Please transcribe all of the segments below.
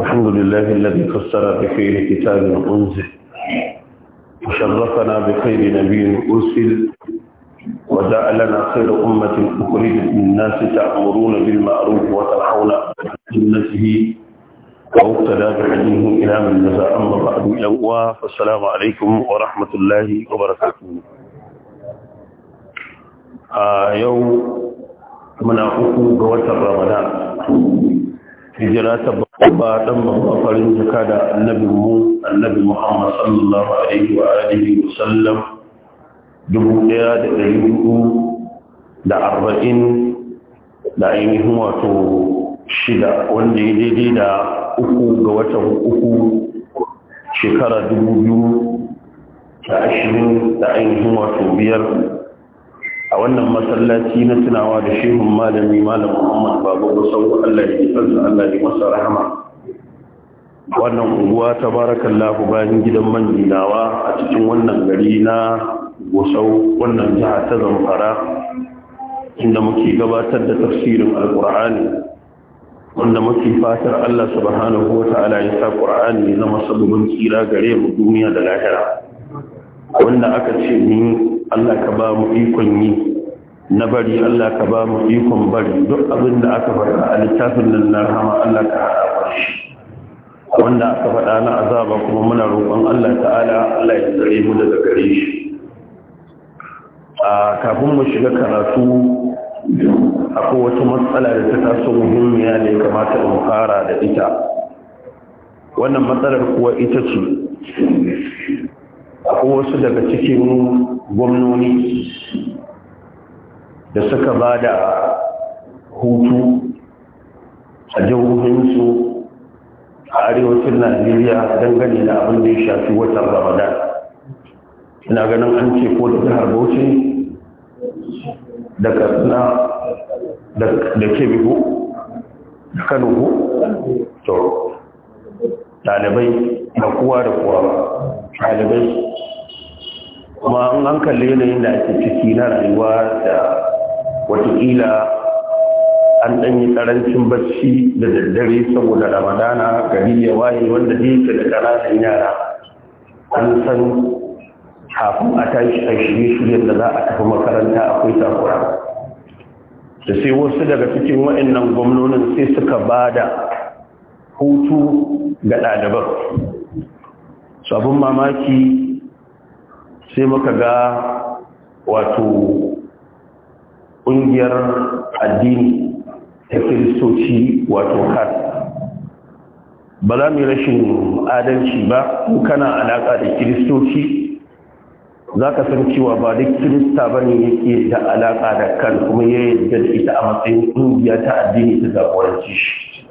الحمد لله الذي فسر بخير كتاب أنزل وشرفنا بخير نبي أرسل وجاء لنا خير أمة أخرجت للناس تأمرون بالمعروف وتنحون عن سنته وابتدى إلى من نزع أما بعد والسلام عليكم ورحمة الله وبركاته آه يوم muna uku ga watan ba dan babban farin jaka da annabin mu annabi Muhammad sallallahu alaihi wa alihi wa sallam dubu daya da dari hudu da arba'in da ainihin wato shida wanda ya daidai da uku ga watan uku shekara dubu biyu da ashirin da ainihin wato biyar a wannan masallaci na tunawa da shehun malami malam muhammad babu musau allah ya allah ya masa rahama wannan unguwa ta barakallahu bayan gidan manjinawa a cikin wannan gari na gosau wannan jiha ta zamfara inda muke gabatar da tafsirin alkur'ani wanda muke fatar Allah subhanahu wa ta'ala ya sa Qur'ani ya zama sababin tsira gare mu duniya da lahira wanda aka ce ni Allah ka ba mu ikon yi na bari Allah ka ba mu ikon bari duk abin da aka faɗa a littafin nan na rahama Allah ka haɗa wanda aka faɗa na azaba kuma muna roƙon Allah ta'ala Allah ya tsare mu daga gare shi a kafin mu shiga karatu akwai wata matsala da ta taso muhimmiya ne kamata in fara da ita wannan matsalar kuwa ita ce akwai wasu daga cikin gwamnoni da suka ba da hutu a jihohinsu a arewacin najeriya dangane na abin da ya shafi watan ramadan ina ganin an ce ko da jihar bauchi da katsina da kebihu da kano ko to da kowa da kowa ɗalibai kuma an hankali yanayin da ake ciki na rayuwa da watakila an ɗan yi ƙarancin bacci da daddare saboda ramadana gari ya waye wanda da yake da ƙananan yara an san kafin a tashi a shirye shiryen da za a tafi makaranta akwai takura da sai wasu daga cikin wa'annan gwamnonin sai suka ba da hutu ga ɗaliban Sabon mamaki sai muka ga wato ƙungiyar addini ta kiristoci wato kan ba za mu yi rashin adalci ba ko kana alaƙa da kiristoci za ka san cewa ba duk kirista ba ne yake da alaƙa da kan kuma ya yadda da ita a matsayin ƙungiya ta addini ta jagoranci shi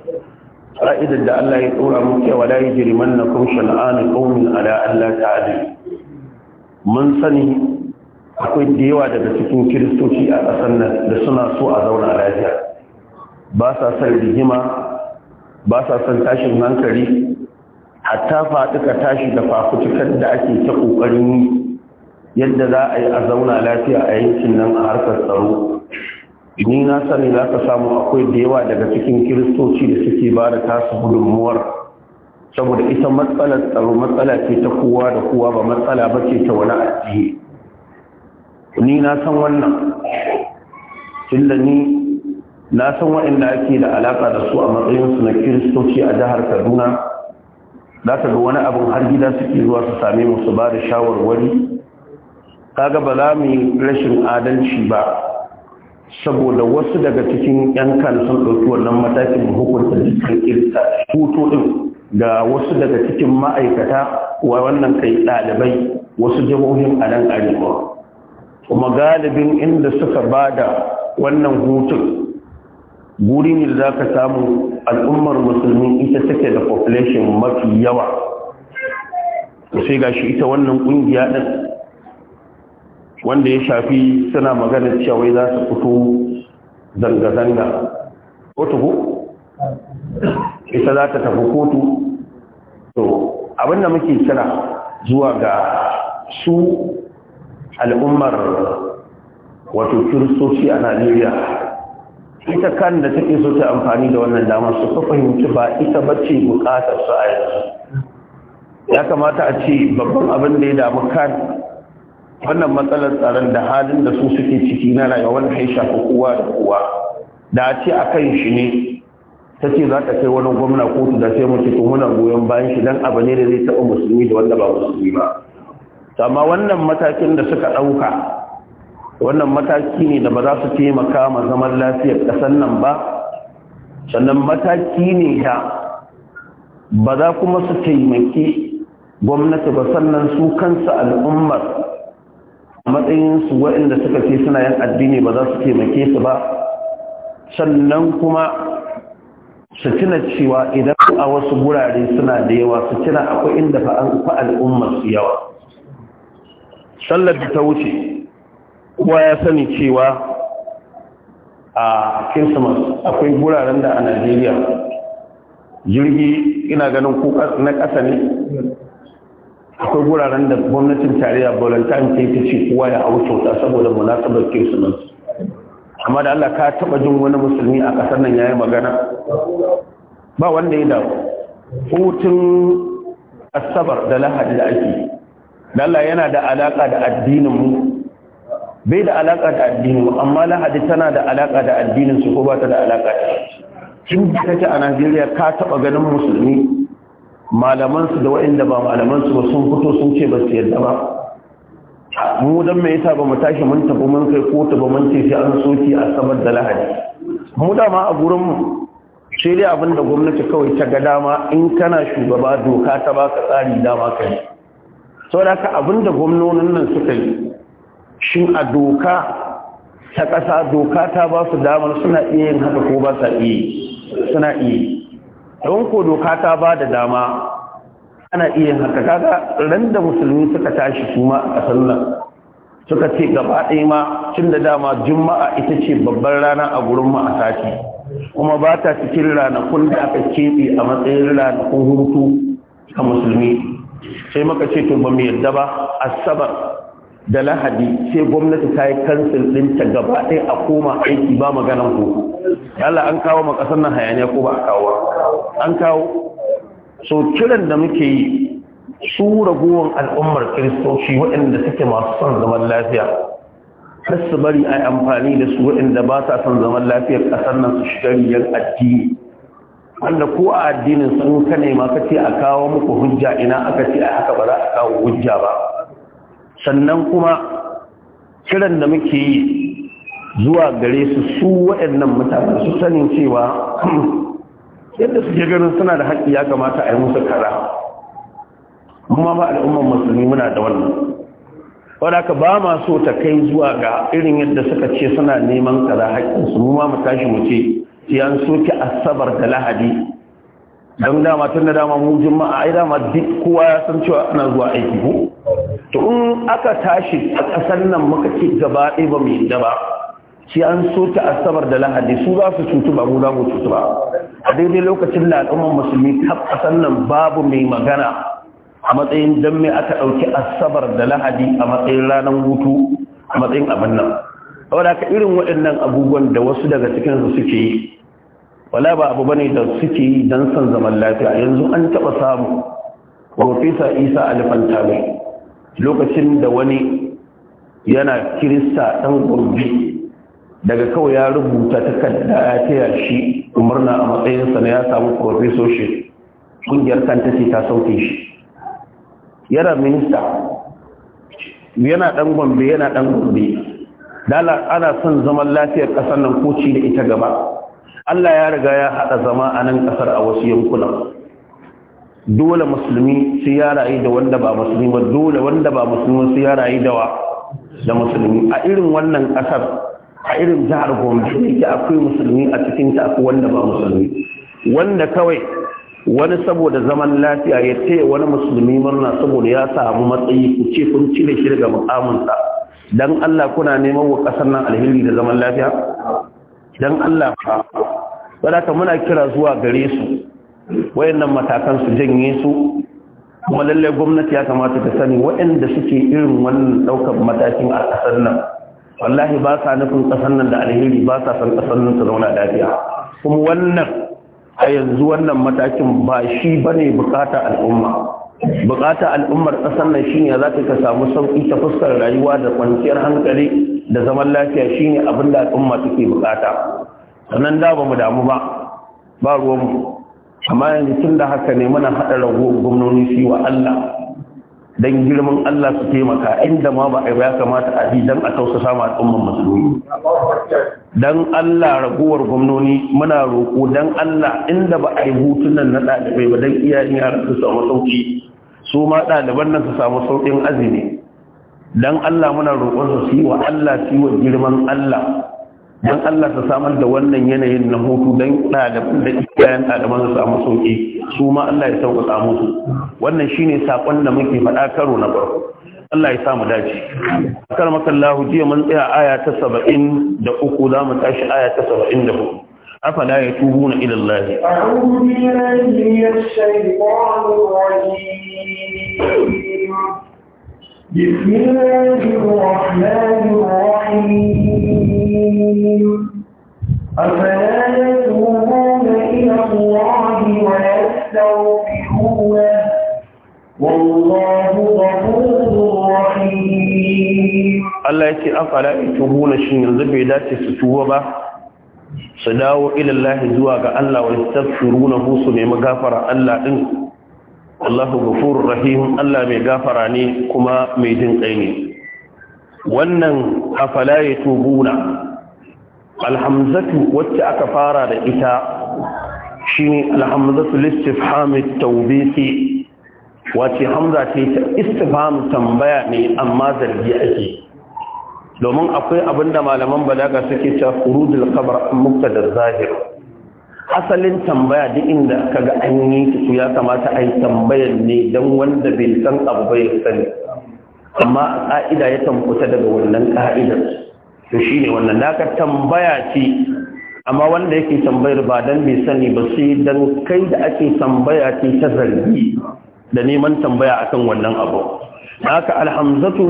ƙa'idar da Allah ya tsora muke wa la yajrimannakum shan'anu qaumin ala an la ta'dilu mun sani akwai da yawa daga cikin kiristoci a ƙasar nan da suna so a zauna lafiya ba sa son rigima ba sa son tashin hankali hatta faɗuka tashi da fafutukar da ake ta ƙoƙarin yadda za a yi a zauna lafiya a yankin nan a harkar tsaro ni na sani za ka samu akwai da yawa daga cikin kiristoci da suke ba da tasu gudunmuwar saboda ita matsalar tsaro matsala ce ta kowa da kowa ba matsala ba ce ta wani ajiye ni na san wannan da ni na san waɗanda ake da alaƙa da su a matsayinsu na kiristoci a jihar kaduna za ka ga wani abin har gida suke zuwa su same mu su ba da shawarwari kaga ba za mu yi rashin adalci ba saboda wasu daga cikin 'yan kan sun ɗauki wannan matakin hukunta jikin kirista hutu ɗin da wasu daga cikin ma'aikata wa wannan kai ɗalibai wasu jihohin a nan arewa kuma galibin inda suka ba da wannan hutun guri ne za ka samu al'ummar musulmi ita take da population mafi yawa sai ga shi ita wannan ƙungiya ɗin wanda ya shafi suna maganar cewa za su fito zanga-zanga wata ku ita za ta tafi kotu to abinda muke kira zuwa ga su al'ummar wato kiristoci a najeriya ita kan da take so ta amfani da wannan damar su ka fahimci ba ita bace bukatar su a yanzu ya kamata a ce babban abin da ya damu kan wannan matsalar tsaron da halin da su suke ciki na rayuwa wanda ya shafi kowa da kowa da a ce a kan shi ne ta ce za ta kai wani gwamna kotu da sai mace to muna goyon bayan shi dan abu ne da zai taɓa musulmi da wanda ba musulmi ba amma wannan matakin da suka ɗauka wannan mataki ne da ba za su taimaka ma zaman lafiyar ƙasar nan ba sannan mataki ne da ba za kuma su taimaki gwamnati ba sannan su kansa al'ummar matsayinsu waɗanda suka ce suna yin addini ba za su taimake su ba sannan kuma su tuna cewa idan a wasu gurare suna da yawa su tuna akwai inda fa an fa al'umma su yawa sallar da ta wuce kowa ya sani cewa a Kirsimas akwai guraren da a Najeriya jirgi ina ganin kuka na ƙasa ne akwai guraren da gwamnatin tarayya volunteer ta ce kowa ya hau kyauta saboda munasabar Kirsimas. amma da Allah ka taba jin wani musulmi a kasar nan yayin magana ba wanda ya dawo hutun asabar da lahadi da ake da Allah yana da alaka da addinin mu bai da alaka da addinin mu amma lahadi tana da alaka da addinin su ko ba ta da alaka da kin kace a Najeriya ka taba ganin musulmi malaman su da waɗanda ba malaman su ba sun fito sun ce ba su yarda ba mu dan me yasa ba mu tashi mun tafi mun kai kotu ba mun ce sai an soki a sabar da lahadi mu dama a gurin mu sai dai abin da gwamnati kawai ta ga dama in kana shugaba doka ta baka tsari dama ka yi saboda ka abin da gwamnonin nan suka yi shin a doka ta ƙasa doka ta ba su damar suna iya yin haka ko ba sa iya suna iya don ko doka ta ba da dama ana iya haka kaga ran da musulmi suka tashi su ma a ƙasar suka ce gaba ɗaya ma tun da dama juma'a ita ce babbar rana a gurin mu a sati kuma ba ta cikin ranakun da aka keɓe a matsayin ranakun hutu ga musulmi sai muka ce to ba mu yadda ba asabar da lahadi sai gwamnati ta yi kansil ɗinta gaba ɗaya a koma aiki ba maganan ku Allah an kawo ma ƙasar nan hayaniya ko ba a kawo an kawo so kiran da muke yi su ragowar al'ummar kiristoci waɗanda suke masu son zaman lafiya har su bari a amfani da su waɗanda ba sa son zaman lafiyar ƙasar nan su shiga addini wanda ko a addinin sun ka nema ka ce a kawo muku hujja ina aka ce a haka ba za a kawo hujja ba sannan kuma kiran da muke yi zuwa gare su su waɗannan mutane su sanin cewa yadda suke ganin suna da haƙƙi ya kamata a yi musu kara amma ba al'umman musulmi muna da wannan wadda ka ba ma so ta kai zuwa ga irin yadda suka ce suna neman kaza haƙƙinsu mu ma mu tashi mu ce sai an soke asabar da lahadi don dama tun da dama mu juma'a ai dama duk kowa ya san cewa ana zuwa aiki ko to in aka tashi a ƙasar nan muka ce gaba ɗaya ba mu da ba shi an so ta asabar da lahadi su za su cutu ba mu za mu cutu ba a daidai lokacin da al'ummar musulmi ta kasan nan babu mai magana a matsayin don mai aka ɗauki asabar da lahadi a matsayin ranar hutu a matsayin abin nan wadda ka irin waɗannan abubuwan da wasu daga cikin su suke yi wala ba abu bane da suke yi don son zaman lafiya yanzu an taɓa samu profesa isa alifantami lokacin da wani yana kirista ɗan gurbi daga kawai ya rubuta ta kadda ya taya shi umarna a matsayinsa na ya samu profesorship kungiyar kanta ce ta sauke shi yana minista yana dan gombe yana dan gombe dala ana son zaman lafiyar kasar nan ko ci da ita gaba Allah ya riga ya hada zama a nan kasar a wasu yankuna dole musulmi su ya rayu da wanda ba musulmi ba dole wanda ba musulmi su ya rayu da wa da musulmi a irin wannan kasar a irin jihar gombe yake akwai musulmi a cikin ta akwai wanda ba musulmi wanda kawai wani saboda zaman lafiya ya taya wani musulmi murna saboda ya samu matsayi ku ce kun cire shi daga mukaminsa dan Allah kuna neman wa kasar nan alheri da zaman lafiya dan Allah fa sadaka muna kira zuwa gare su wayannan matakan su janye su kuma lalle gwamnati ya kamata ta sani waɗanda suke irin wannan ɗaukar matakin a ƙasar nan wallahi ba sa nufin ƙasar nan da alheri ba sa san ƙasar nan su zauna lafiya kuma wannan a yanzu wannan matakin ba shi ba bukata al'umma bukata al'ummar ƙasar nan shine za ta ka samu sauƙi ta fuskar rayuwa da kwanciyar hankali da zaman lafiya shine abin da al'umma take bukata sannan da ba mu damu ba ba ruwanmu amma yanzu tun da haka ne muna haɗa ragowar gwamnoni su wa Allah dan girman Allah su taimaka inda ma ba a ya kamata a bi dan a tausasa ma al'umman musulmi dan Allah raguwar gwamnoni muna roƙo dan Allah inda ba a yi hutunan na ɗalibai ba dan iyayen yara su samu sauki su ma ɗaliban nan su samu sauƙin azumi dan Allah muna roƙon su yi wa Allah su wa girman Allah dan Allah ta samar da wannan yanayin na hutu don ɗalibin da iyayen ɗaliban su samu sauƙi su ma Allah ya sauƙaƙa musu wannan shine saƙon da muke faɗa karo na farko Allah ya sa mu dace kar makallahu jiya mun tsaya aya ta uku, za mu tashi aya ta 74 أفلا يتوبون إلى الله أعوذ بالله من الشيطان الرجيم Allah ya ce an fara ita huna shi yanzu bai dace su tuwo ba su dawo ilallahi zuwa ga Allah wani tafi runa su nemi gafara Allah ɗin Allahu ghafurur rahim Allah mai gafara ne kuma mai jin kai ne wannan afala tubuna. alhamzatu wacce aka fara da ita shine alhamzatu listifham at-tawbihi wace hamza ce ta istifham tambaya ne amma zargi ake domin akwai abinda malaman balaga suke cewa furudul khabar muqtadar zahir asalin tambaya duk inda kaga an yi su ya kamata a yi tambayar ne don wanda bai san abu bai sani amma ka'ida ya tambuta daga wannan ka'idar to shi ne wannan naka tambaya ce amma wanda yake tambayar ba dan bai sani ba sai don kai da ake tambaya ce ta zargi da neman tambaya akan wannan abu naka alhamzatu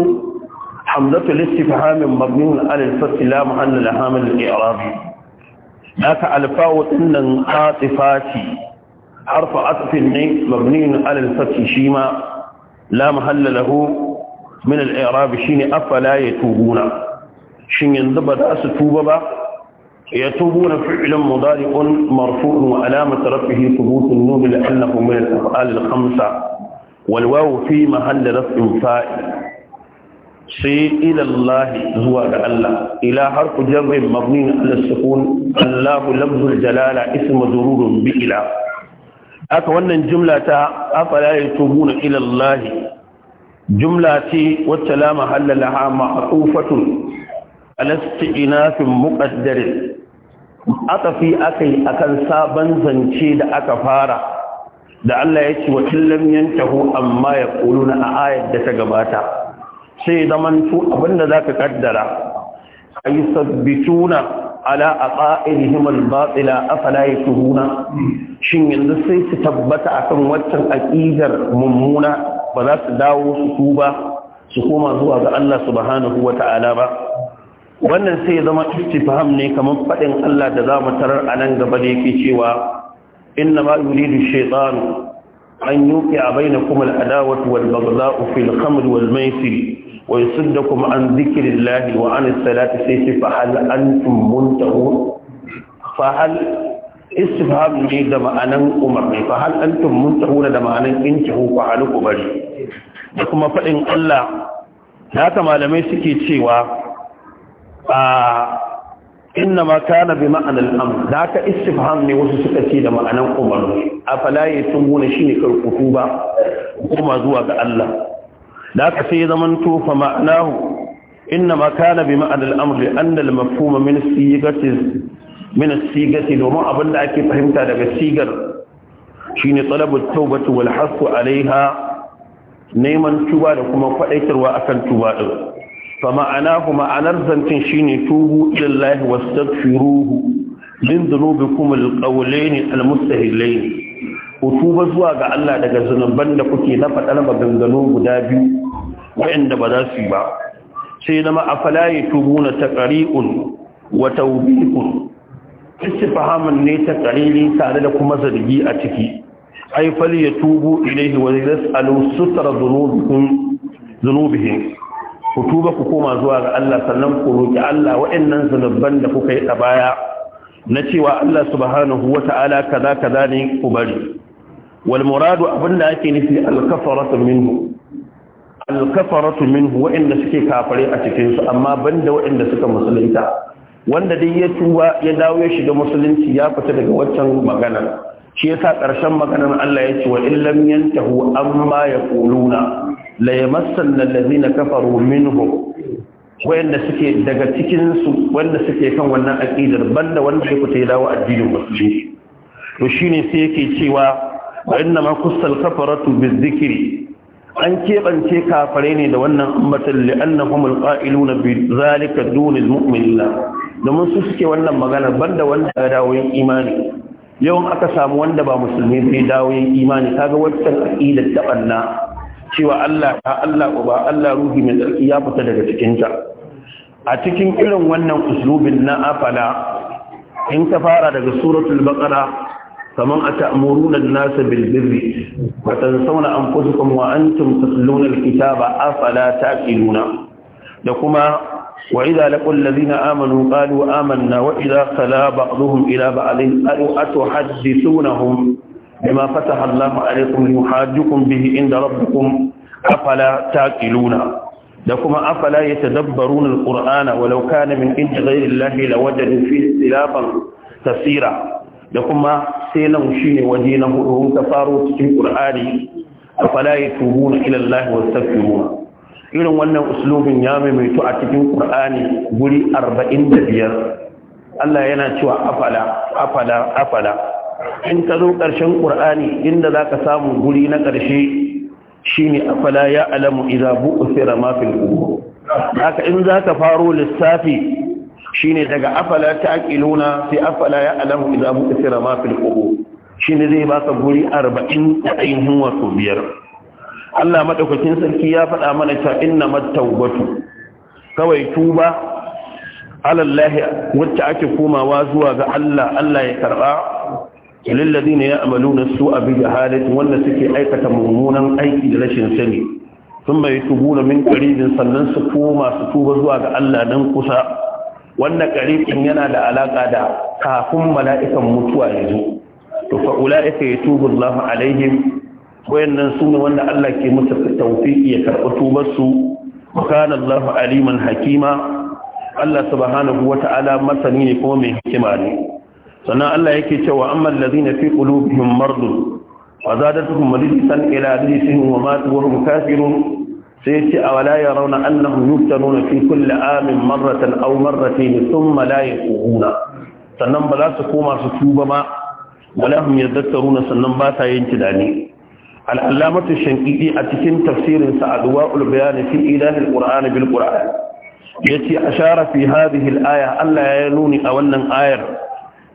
hamzatu listifhamin mabniun ala al-fath la mahalla laha haka alfawo ɗinnan atifati harfa atifin ne mabnin alifati shima ma lamu hallalahu min al’arabi shi ne afala ya tubuna shi yanzu ba za su tuba ba ya tubuna fi’ilin mudariƙon marfuɗin wa alamata rafi hikubutun nomi da annahu min al’afalil hamsa walwawo fi mahallarar sai ilallahi zuwa ga Allah ila harfu jarrin mabni ala sukun Allahu lafzul jalala ismu zururun bi ila aka wannan jumla ta afala yatubuna ila Allah jumla ce wacce la mahalla laha ma'tufatun ala isti'nafin muqaddar aka fi akai akan sabon zance da aka fara da Allah ya ce wa taho yantahu amma yaquluna a ayat da ta gabata sai zaman to abinda zaka kaddara ay sabbituna ala aqairihim al-batila afala yatuhuna shin yanzu sai su tabbata akan waccan aqidar mummuna ba za su dawo su tuba su koma zuwa ga Allah subhanahu Ta'ala ba wannan sai ya zama istifham ne kamar faɗin Allah da za mu tarar a nan gaba da yake cewa inna ma yuridu shaytanu an yuki a bai na kuma al'adawar walbagza ofin hamar walmaisi wai sun da kuma an zikirin lahi wa an salati sai shi fahal an tumunta taho fahal istifham ne da ma'anan umarni fahal an tummun taho da ma'anan in cihu fahal kubari da kuma faɗin allah haka malamai suke cewa a inna ma kana bi ma'anar amr da haka istifham ne wasu suka ce da ma'anar umarni a falaye sun gune ne karkutu ba kuma zuwa ga Allah da aka sai zaman to fa ma'anahu inna ma kana bi ma'anar amr anna al-mafhum min sigati sigati domin abin da ake fahimta daga sigar shine talabut tawbatu wal walhassu, alaiha neman tuba da kuma kwadaitarwa akan tuba ɗin. fa ma'anahu ma'anar zancen shine tubu ilallahi wastaghfiruhu min dhunubikum alqawlayn almustahilayn utuba zuwa ga Allah daga zunuban da kuke na fadar maganganu guda biyu wa'anda ba za su yi ba sai na ma'afala ya tubu na taqari'un wa tawbiqun istifahamun ne ta kariri tare da kuma zargi a ciki ai fal ya tubu ilaihi wa yas'alu sutra dhunubihim ku tuba ku koma zuwa ga Allah sannan ku roki Allah waɗannan zanubban da kuka yi a baya na cewa Allah subhanahu Ta'ala kaza kaza ne ku bari wal muradu abinda ake nufi al-kafaratu minhu al-kafaratu minhu waɗanda suke kafare a cikin su amma banda waɗanda suka musulunta wanda dai ya tuba ya dawo ya shiga musulunci ya fita daga waccan magana shi yasa ƙarshen maganar Allah ya ce wa illam yantahu amma kuluna la yamassanna allazina kafaru minhum wanda suke daga cikin su wanda suke kan wannan aqidar banda wanda ya fita dawo addinin musulmi to shine sai yake cewa wa inna ma kusal kafaratu bizikri an kebance kafare ne da wannan ummatan li'annahum alqa'iluna bi zalika dunil mu'minina domin su suke wannan magana banda wanda ya dawo yin imani yawan aka samu wanda ba musulmi bai dawo yin imani kaga wancan aqidar ta banna cewa Allah ta Allah uba Allah ruhi mai tsarki ya fita daga cikin ta a cikin irin wannan uslubin na afala in ka fara daga suratul baqara kaman ata'muruna an-nasa bil birri wa tansawna anfusakum wa antum tatluna al-kitaba afala taqiluna da kuma وإذا لقوا الذين آمنوا قالوا آمنا وإذا خلا بعضهم إلى بعض قالوا أتحدثونهم بما فتح الله عليكم ليحاجكم به عند ربكم أفلا تاكلون لكم أفلا يتدبرون القرآن ولو كان من عند غير الله لوجدوا فيه اختلافا كثيرا لكم سينا وشين ودينه وهم كفاروا في القرآن أفلا يتوبون إلى الله واستغفرون irin wannan uslubin ya maimaito a cikin ƙur'ani guri 45 Allah yana cewa afala afala afala in ka zo ƙarshen ƙur'ani inda za ka samu guri na ƙarshe shi ne afala ya alamu iza bu'usira mafil ubu haka in za ka faro lissafi shi ne daga afala ta aƙiluna sai afala ya alamu iza bu'usira mafil ubu shi ne zai baka guri arba'in da ainihin wasu biyar Allah madaukakin sarki ya faɗa mana cewa inna tawbatu kawai tuba alallahi wacce ake komawa zuwa ga Allah Allah ya karba lil ladina ya'maluna su'a bi jahalatin wanda suke aikata mummunan aiki da rashin sani sun bai tubuna min qaribin sannan su koma su tuba zuwa ga Allah dan kusa wanda qaribin yana da alaka da kafin mala'ikan mutuwa ya zo to fa ula'ika yatubu Allahu alaihim wayannan su ne wanda Allah ke musu tawfiki ya karɓi tubar su kana Allahu aliman hakima Allah subhanahu wata'ala masani ne kuma mai hikima ne sannan Allah yake cewa amman ladina fi qulubihim marad wa zadatuhum maridan ila rizqihim wa matu wa hum kafirun sai yace awala yarawna annahum yuftanuna fi kulli amin marratan aw marratayn thumma la yaquluna sannan ba za su koma su tuba ma wala hum yadhakkaruna sannan ba ta yin tunani al'allamatu shankidi a cikin tafsirin a adwa'ul bayan fi ilahil qur'ani bil qur'an yace a fi hadhihi aya Allah ya nuni a wannan ayar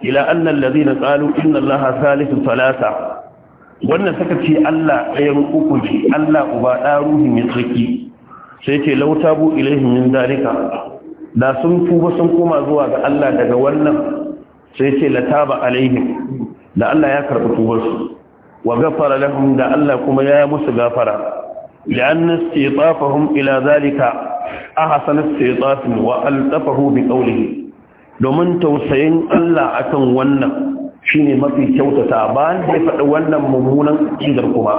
ila anna alladhina qalu inna allaha thalithu thalatha wannan saka ce Allah ɗayan uku ce Allah uba ɗaruhin ruhi mai tsaki sai ce lauta bu ilaihim min da sun tuba sun koma zuwa ga Allah daga wannan sai ce lataba alaihim da Allah ya karɓi tubarsu wa gafara lahum da Allah kuma ya yi musu gafara لأن استيطافهم إلى ذلك أحسن استيطاف وألطفه بقوله domin tausayin Allah akan wannan shine mafi kyautata ba da faɗi wannan mummunan kidar kuma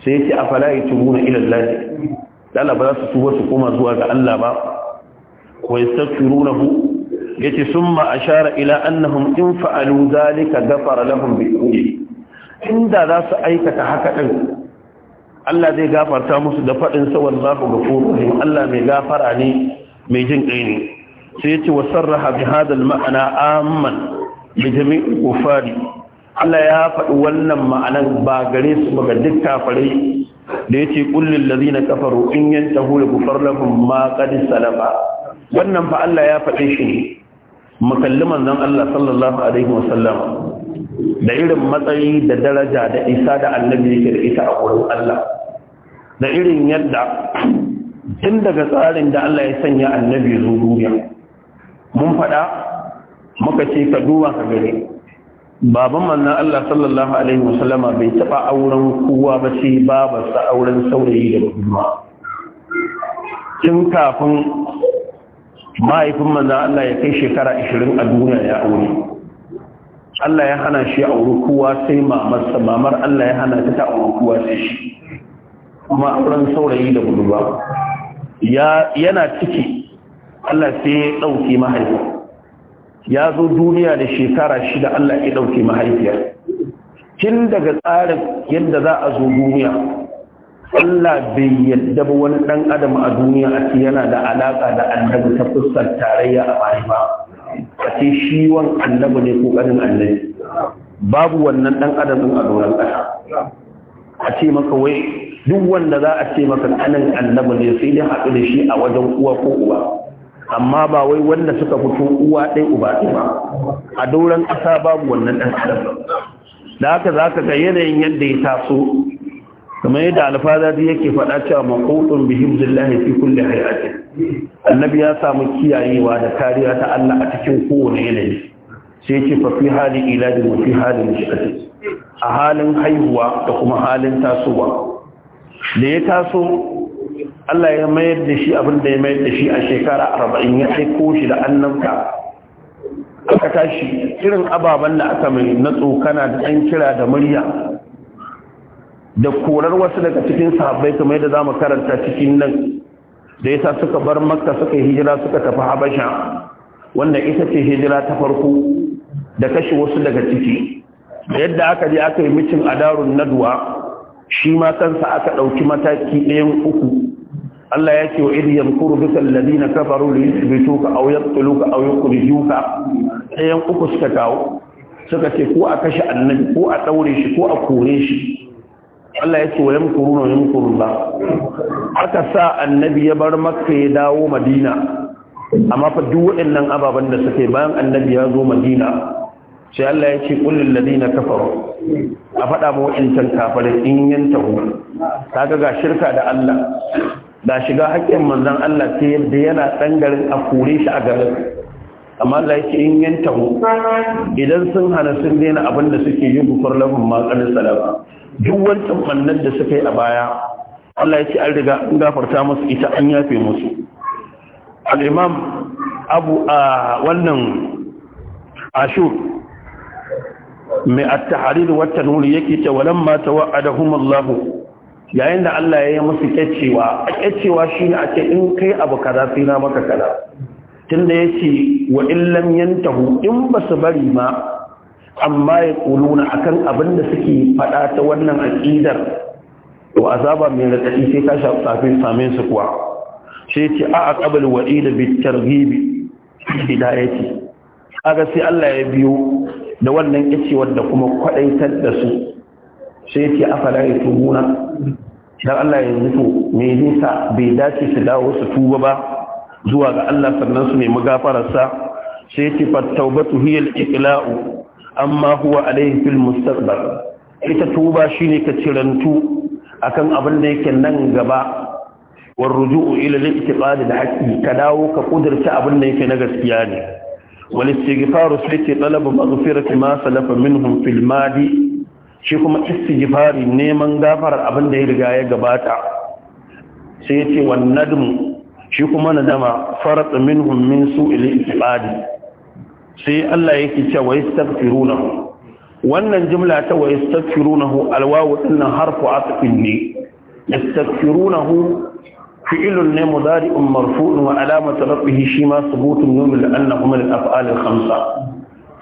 sai yace afala yatubuna ila Allah Allah ba za su tuba su koma zuwa ga Allah ba ko yastaghfirunahu yace summa ashara ila annahum in fa'alu dhalika ghafara lahum bi inda za su aikata haka ɗin Allah zai gafarta musu da faɗin sa ku ga rahim Allah mai gafara ne mai jin kai ne sai ya yace wasarraha bi hadal ma'ana amman bi jami'in kufari Allah ya faɗi wannan ma'anan ba gare su ba ga duk kafirai da ya yace qul lil ladina kafaru in yantahu yaghfar lahum ma qad salama. wannan fa Allah ya faɗe shi ne makalliman zan Allah sallallahu alaihi wa sallam. da irin matsayi da daraja da isa da annabi yake da ita a wurin Allah da irin yadda tun daga tsarin da Allah ya sanya annabi zo duniya mun faɗa muka ce ka duba ka gani baban manna Allah sallallahu alaihi wasallama bai taɓa auren kowa ba sai babarsa auren saurayi da budurwa tun kafin mahaifin manna Allah ya kai shekara 20 a duniya ya aure Allah ya hana shi auri kowa sai mamarsa mamar Allah ya hana ta ta auri kowa sai shi kuma auren saurayi da budurwa ya yana ciki Allah sai ya dauke mahaifi. ya zo duniya da shekara shida Allah ya dauke mahaifiya kin daga tsarin yadda za a zo duniya Allah bai yadda ba wani dan adam a duniya a ce yana da alaka da annabi ta fuskar tarayya a mahaifa a ce shi wan annabi ne ko ƙanin annabi babu wannan ɗan adam ɗin a doron ƙasa a ce maka wai duk wanda za a ce maka ƙanin annabi ne sai dai haɗu da shi a wajen uwa ko uba amma ba wai wanda suka fito uwa ɗaya uba ɗaya a doron ƙasa babu wannan ɗan adam da haka za ka ga yanayin yadda ya taso kamar yadda da yake faɗa cewa maqutun bi hibzillahi fi kulli hayati annabi ya samu kiyayewa da kariya ta Allah a cikin kowane yanayi sai yake fa fi hali iladi wa fi hali mushkati a halin haihuwa da kuma halin tasowa da ya taso Allah ya mayar da shi abin da ya mayar da shi a shekara 40 ya aiko shi da annanka. aka tashi irin ababen da aka mai na tsokana da ɗan kira da murya da korar wasu daga cikin sahabbai kamar yadda zamu karanta cikin nan da yasa suka bar makka suka hijira suka tafi habasha wanda ita ce hijira ta farko da kashe wasu daga ciki Da yadda aka je aka yi mitin a darun nadwa shi ma kansa aka ɗauki mataki ɗayan uku Allah ya ce wa idh yamkuru bika alladhina kafaru li yuthbituka aw yaqtuluka aw yukhrijuka ɗayan uku suka kawo suka ce ko a kashe annabi ko a ɗaure shi ko a kore shi Allah ya ce wa yamkuruna wa yamkurullah aka sa annabi ya bar makka ya dawo madina amma fa duk waɗannan ababen da suke bayan annabi ya zo madina sai Allah ya ce kullul ladina kafaru a faɗa mu wa'incan kafirin in hu kaga ga shirka da Allah da shiga haƙƙin manzon Allah sai yadda yana dan garin a kore shi a garin amma Allah ya ce in hu idan sun hana sun daina abin da suke yi gufar lahum ma qad salama duk wancan mannan da suka yi a baya Allah ya ce an riga an gafarta musu ita an yafe musu al'imam abu a wannan ashur mai attaharir wata nuri yake ce walan mata wa'ada yayin da Allah ya yi musu kyacewa a kyacewa shi ne a ce in kai abu kaza sai na maka kaza tunda ya ce wa illam yantahu in ba su bari ma amma ya kuluna akan abin da suke faɗa ta wannan aƙidar to azaba mai raɗaɗi sai ka shafi samin su kuwa sai ce a ribi. wa'ida bi ya ce. kaga sai Allah ya biyo da wannan kicewar da kuma kwaɗaitar da su sai ce afala na. don Allah ya zuto me nisa bai dace su dawo su tuba ba zuwa ga Allah sannan su nemi gafararsa sai ce fa hiyar ikila'u amma huwa a laifin mustaqbal ita tuba shine ka cirantu akan abin da yake nan gaba war ruju'u ila al da hakki ka dawo ka kudurta abin da yake na gaskiya ne wal istighfaru sai ce talab maghfirati ma salafa minhum minhun madi shi kuma istighfari neman gafarar abin da ya riga ya gabata sai ce wannan nadm shi kuma nadama farat minhum min ila i'tiqadi sai Allah yake cewa yastaghfirunahu wannan jumla ta wa yastaghfirunahu alwawu dinnan harfu atfin ne yastaghfirunahu fi'ilun ne mudari'un marfu'un wa alamatu rabbihi shima thubutun nun li'annahu min al-af'al al-khamsa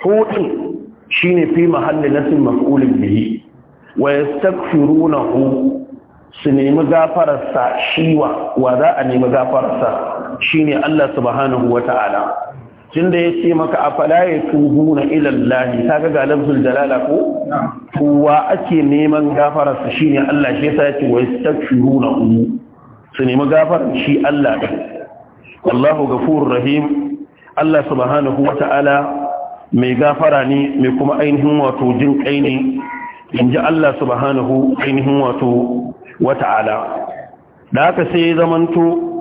hutun shine fi mahalli nasb maf'ulin bihi wa yastaghfirunahu su nemi gafararsa shiwa wa za a nemi gafararsa shine Allah subhanahu wata'ala tun da ya ce maka a fada ya tubu na ilallahi ta ga galibsul zuljalala ko kowa ake neman su shi ne Allah shi sa ya ce wai stakfiru na umu su nemi gafara shi Allah ɗin Allahu gafur rahim Allah subhanahu wa ta'ala mai gafara ne mai kuma ainihin wato jin kai ne in ji Allah subhanahu ainihin wato wa ta'ala da aka sai zamanto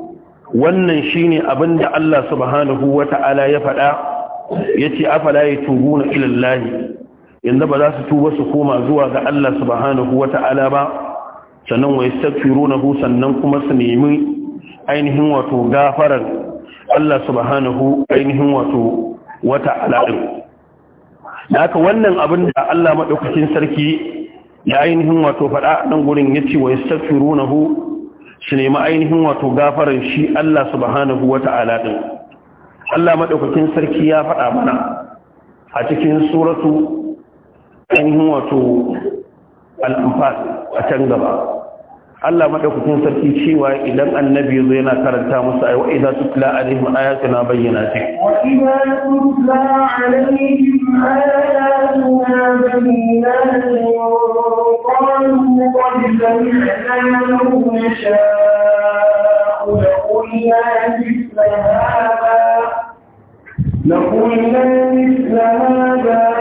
wannan shine abin da Allah subhanahu wa ta'ala ya faɗa yace afala yatubuna ila ilallahi. yanda ba za su tuba su koma zuwa ga Allah subhanahu wa ta'ala ba sannan wa yastaghfirunahu sannan kuma su nemi ainihin wato gafarar Allah subhanahu ainihin wato wata'ala din haka wannan abin da Allah maɗaukacin sarki ya ainihin wato faɗa nan gurin ya yace wa yastaghfirunahu shi nemi ainihin wato gafaran shi Allah subhanahu wata'ala ɗin Allah maɗaukakin sarki ya faɗa mana a cikin suratu ainihin wato al a can gaba Allah madaukakin sarki cewa idan annabi yazo yana karanta musu ayi wa idza tutla alaihim ayatuna bayyinatin wa idza tutla alaihim ayatuna bayyinatin qalu qad sami'na law nasha'u laqulna mithla hadha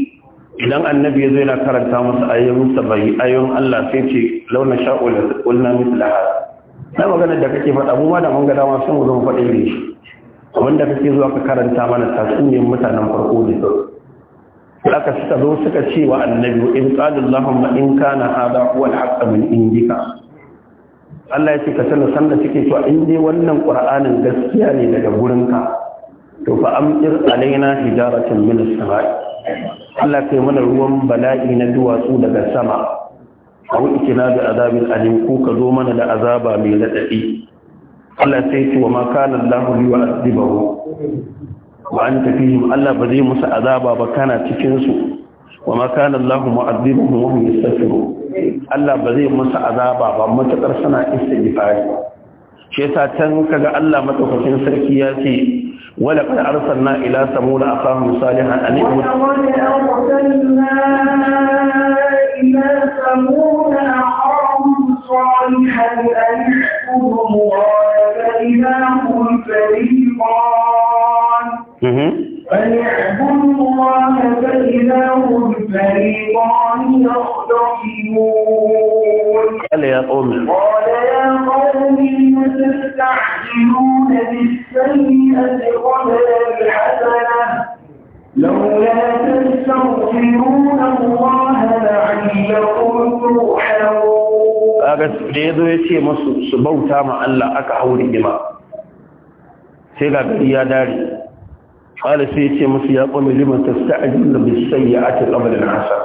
idan annabi ya zo yana karanta masa ayoyin sabai ayoyin Allah sai ce launa sha'ul qulna mithla hada na magana da kake faɗa mu ma da mun ga dama sun zo mu faɗi ne abin da kake zuwa ka karanta mana tatsuniyar mutanen farko ne aka suka zo suka ce wa annabi in qala allahumma in kana hada huwa al min indika Allah ya ce ka cana sanda suke to in dai wannan qur'anin gaskiya ne daga gurinka to fa amir alaina hijaratan min as-sama'i Allah kai mana ruwan bala'i na duwatsu daga sama a wuce na da azabin alim ko ka zo mana da azaba mai raɗaɗi Allah sai ce wa ma kana Allah li wa asdibahu wa anta fihim Allah ba zai musu azaba ba kana cikin su wa ma kana Allah mu'adzibuhum wa hum yastaghfirun Allah ba zai musu azaba ba matakar suna istighfari shi yasa can kaga Allah madaukakin sarki ya ce ولقد أرسلنا إلى ثمود أخاهم صالحا أن ولقد أرسلنا إلى ثمود أخاهم صالحا أن اعبدوا الله فإذا هم فريقان فليعبدوا الله فإذا هم فريقان يختصمون قال يا قوم قال يا قوم لم تستعجلون بالسوء السيئة قبل لولا تستغفرون الله لعلكم ترحمون kaga da yazo ya ce masu su bauta ma Allah aka haure gima sai ga gari ya dare qala sai ya ce musu ya qawmi liman tasta'jiluna bis sayyi'ati qabla al-hasan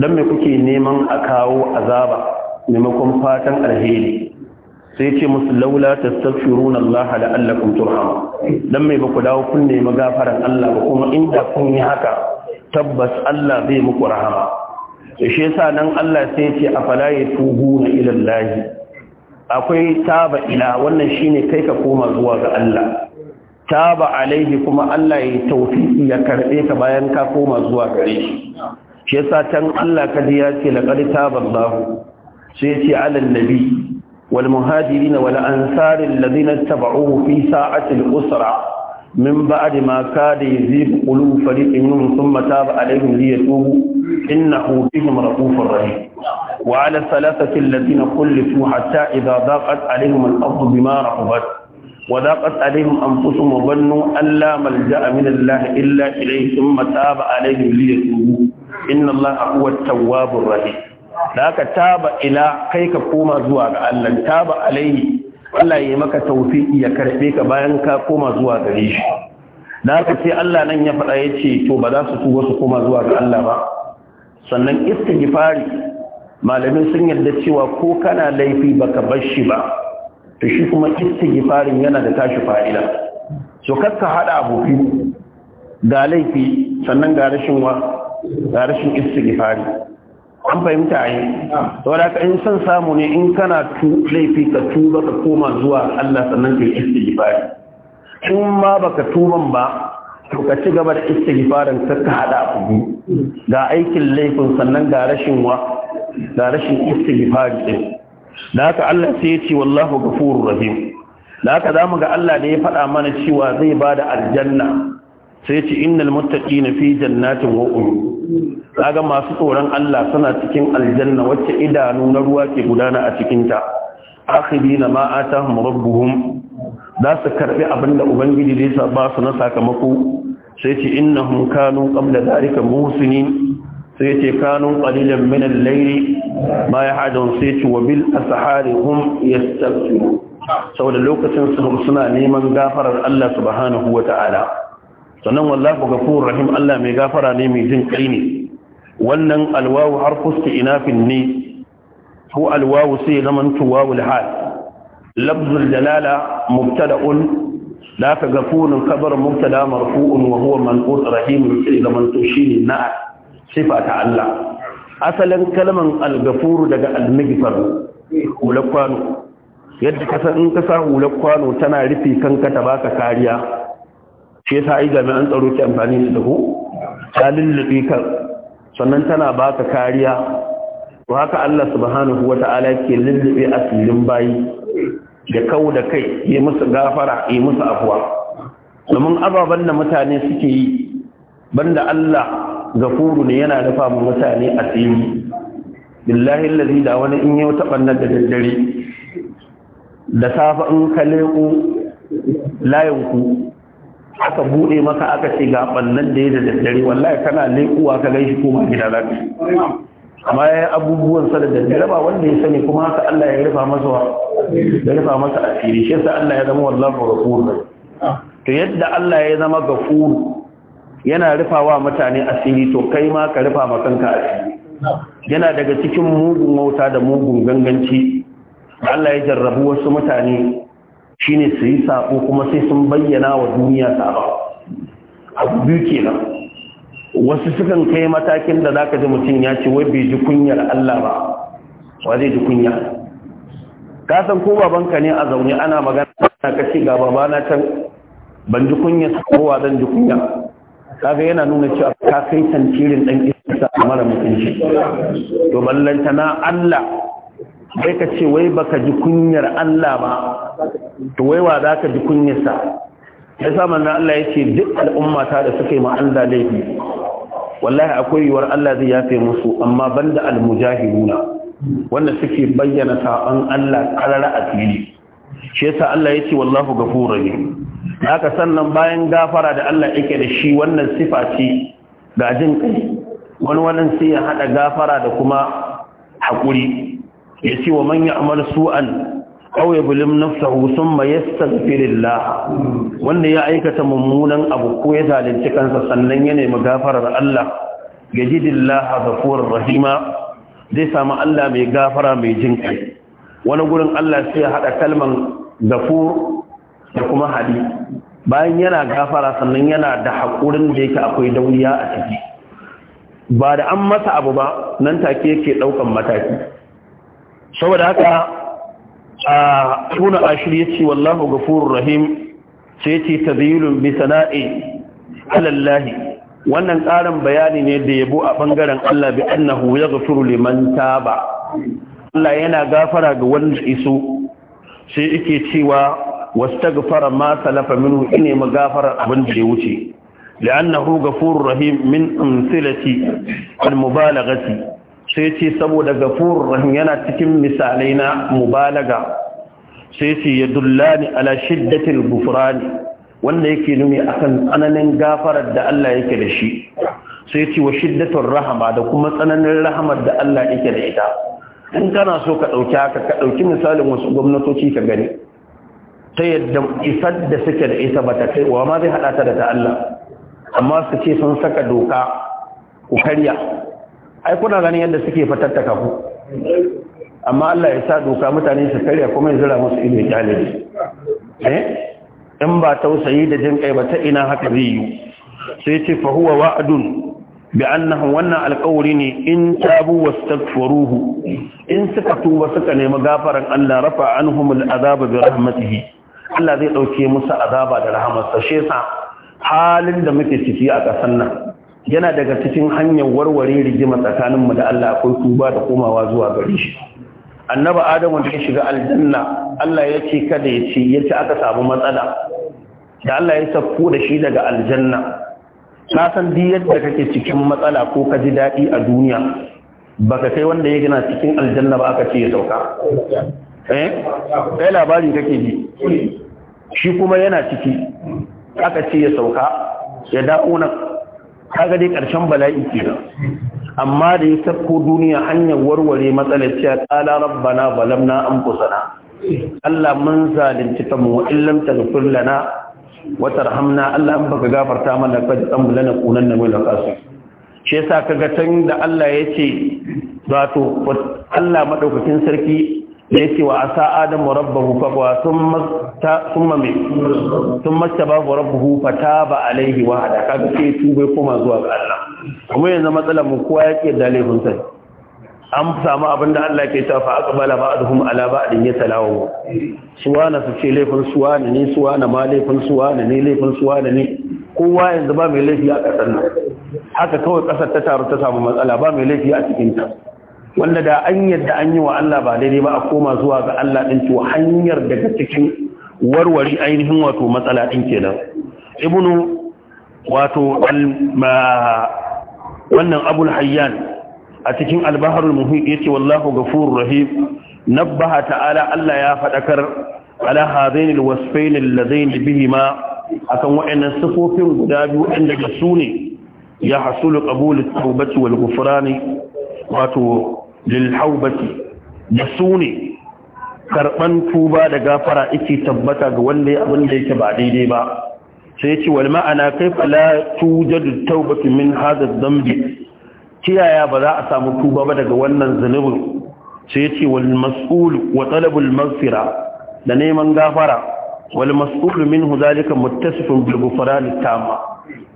dan me kuke neman a kawo azaba maimakon fatan alheri sai ce musu laula tastaghfiruna Allah la'allakum turham dan mai baku dawo kun nemi gafarar Allah ba kuma inda kun yi haka tabbas Allah zai muku rahama da shi yasa nan Allah sai ce afala na ila Allah akwai taba ila wannan shine kai ka koma zuwa ga Allah taba alaihi kuma Allah ya tawfiki ya karbe ka bayan ka koma zuwa gare shi shi yasa tan Allah kadi ya ce laqad taba Allah sai ce alal nabi والمهاجرين والأنصار الذين اتبعوه في ساعة الأسرة من بعد ما كاد يزيد قلوب فريق منهم ثم تاب عليهم ليتوبوا إنه بهم رؤوف رحيم وعلى الثلاثة الذين خلفوا حتى إذا ضاقت عليهم الأرض بما رحبت وضاقت عليهم أنفسهم وظنوا أن لا ملجأ من الله إلا إليه ثم تاب عليهم ليتوبوا إن الله هو التواب الرحيم da aka taba ila kai ka koma zuwa ga Allah taba alaihi Allah ya maka tawfiqi ya karbe ka bayan ka koma zuwa gare shi da aka ce Allah nan ya faɗa ya ce to ba za su tuba su koma zuwa ga Allah ba sannan istighfari malamin sun yarda cewa ko kana laifi baka bar shi ba to shi kuma istighfarin yana da tashi fa'ida so kakka hada aboki ga laifi sannan ga rashin wa ga rashin istighfari an fahimta a yi wadda ka in son samu ne in kana laifi ka tuba ka koma zuwa Allah sannan ka yi istighfari in ma baka tuban ba to ka ci gaba da istighfarin ka ka hada abu ga aikin laifin sannan ga rashin wa ga rashin istighfari din da haka Allah sai ya ce wallahu ghafurur rahim da haka zamu ga Allah da ya faɗa mana cewa zai bada aljanna sai ce innal muttaqina fi jannatin wa uyun um. masu tsoron Allah suna cikin aljanna wacce idanu na ruwa ke gudana a cikin ta akhidina ma atahum rabbuhum za su karbi abinda ubangiji zai sa ba su na sakamako sai ce innahum kanu qabla dhalika muhsinin sai ce kanu qalilan min al-layli ma yahadun sai ce wa bil ashari hum Sau saboda lokacin su suna neman gafarar Allah subhanahu wata'ala sannan wallahu ghafurur rahim Allah mai gafara ne mai jin kai ne wannan alwawu harfu istinafin ne ko alwawu sai zaman tuwawul hal lafzul dalala mubtada'un la ka ghafurun kabar mubtada marfu'un wa huwa manqut rahim sai zaman to shine na sifa ta Allah asalin kalman al-ghafur daga al-maghfar hulakwano yadda ka san in ka sa hulakwano tana rufe kanka ta baka kariya shi yasa ai jami'an tsaro ke amfani da dahu ta lullube sannan tana baka kariya to haka Allah subhanahu wata'ala ke lullube asirin bayi da kawo da kai yi musu gafara yi musu afuwa domin ababen da mutane suke yi banda Allah gafuru ne yana dafa mu mutane a asiri billahi allazi da wani in yau ta nan da daddare da safa in ka leƙo layin ku aka bude maka aka ce ga ɓannan da ya da daddare wallahi kana lekuwa ka gan shi kuma gida za ka amma ya yi abubuwan sa da daddare ba wanda ya sani kuma haka Allah ya rufa masa ya rufa masa asiri shi yasa Allah ya zama wallahi gafur to yadda Allah ya zama gafur yana rufa wa mutane asiri to kai ma ka rufa ma kanka asiri yana daga cikin mugun wauta da mugun ganganci Allah ya jarrabu wasu mutane shine su yi sako kuma sai sun bayyana wa duniya sako abu biyu nan wasu sukan kai matakin da zaka ji mutum ya ce wai bai ji kunyar Allah ba wa zai ji kunya ka san ko babanka ne a zaune ana magana ka ce ga babana can ban ji kunya kowa zan ji kunya kaga yana nuna cewa ka kai tantirin dan isa a mara mutunci to na Allah sai ka ce wai baka ji kunyar Allah ba to wai wa za ka ji kunyarsa ya sa na Allah ya ce duk al'ummata da suka yi ma Allah laifi wallahi akwai yiwuwar Allah zai yafe musu amma banda almujahiruna wanda suke bayyana sa'an Allah karara a fili shi yasa Allah ya ce wallahu ghafurur rahim haka sannan bayan gafara da Allah yake da shi wannan sifa ce ga jin kai wani wannan sai ya haɗa gafara da kuma haƙuri. ya ce wa manya ya'mal su'an aw yablim nafsahu thumma yastaghfirullah wanda ya aikata mummunan abu ko ya zalunci kansa sannan ya nemi gafarar Allah yajidillah ghafurur rahima zai samu Allah mai gafara mai ƙai. wani gurin Allah sai ya hada kalman ghafur da kuma hadi bayan yana gafara sannan yana da hakurin da yake akwai dauriya a ciki ba da an masa abu ba nan take yake ɗaukan mataki saboda haka a tuna ashir ce wallahu ghafurur rahim sai ce ta tadhilun bi sana'i alallahi wannan ƙarin bayani ne da yabo a bangaren Allah bi annahu yaghfiru liman taba Allah yana gafara ga wanda iso sai yake cewa "Wasu gafara ma salafa minu ine magafara abin da ya wuce لأنه غفور رحيم من أمثلة المبالغة sai ce saboda gafur rahim yana cikin misalai na mubalaga sai ce ya dullani ala shiddatil gufrani wanda yake nuni akan tsananin gafarar da Allah yake da shi sai ce wa shiddatul rahama da kuma tsananin rahamar da Allah yake da ita in kana so ka dauki haka ka dauki misalin wasu gwamnatoci ka gani ta yadda isar da suke da ita bata kai wa ma zai hada ta da ta Allah amma su ce sun saka doka ku karya ai kuna ganin yadda suke fatattaka ku amma Allah ya sa doka mutane su karya kuma ya zira musu ido kyalibi eh in ba tausayi da jin kai ba ta ina haka zai yi sai ce fa huwa wa'dun bi annahu wannan alƙawari ne in tabu wastaghfiruhu in suka tuba suka nemi gafaran Allah rafa anhum al'azab bi rahmatihi Allah zai dauke musu azaba da rahamarsa shi halin da muke ciki a ƙasar nan yana daga cikin hanyar warware rigima tsakaninmu da Allah akwai tuba da komawa zuwa gare shi annaba adamu da ya shiga aljanna Allah ya ce kada ya ce ya ce aka samu matsala da Allah ya safko da shi daga aljanna na san duk yadda kake cikin matsala ko ka ji daɗi a duniya baka kai wanda ya gina cikin aljanna ba aka ce ya sauka eh kai labari kake ji shi kuma yana ciki aka ce ya sauka ya dawo nan kaga dai ƙarshen bala'i ke amma da ya sako duniya hanyar warware matsalar cewa qala rabbana balamna anfusana Allah mun zalunci kanmu wa illam taghfir lana wa tarhamna Allah an baka gafarta mana fa dan lana kunan na mala kasu shi yasa kaga tun da Allah yace wato Allah madaukakin sarki ya ce wa asa adamu rabbahu faqwa thumma mai thumma tabahu rabbuhu fataba alaihi wa hada kaga sai tubai koma zuwa ga Allah kuma yanzu matsalar mu kowa yake da laifin sai an samu abin da Allah ke tafa aqbala ba'dhum ala ba'din yatalawu suwana su ce laifin suwana ne suwana ma laifin suwana ne laifin suwana ne kowa yanzu ba mai laifi a kasar nan haka kawai kasar ta taru ta samu matsala ba mai laifi a cikin ta wanda da an yadda an yi wa Allah ba daidai ba a koma zuwa ga Allah ɗin to hanyar daga cikin warware ainihin wato matsala ɗin kenan ibnu wato wannan abul hayyan a cikin albaharul muhim yace wallahu Gafur rahim nabbaha ta'ala Allah ya faɗakar ala hadain alwasfain bihi bihima akan wa'annan sifofin guda biyu inda da Sune ya hasulu qabul at wal ghufrani wato lilhaubati da su ne karɓan tuba da gafara ike tabbata ga wanda ya abin da yake ba daidai ba sai ya ce Wani ma'ana kai fala tujadu taubatu min hadha dhanbi kiyaya ba za a samu tuba ba daga wannan zunubin sai ya ce wal mas'ul wa talabul maghfira da neman gafara wal mas'ul minhu zalika muttasifun bil ghufran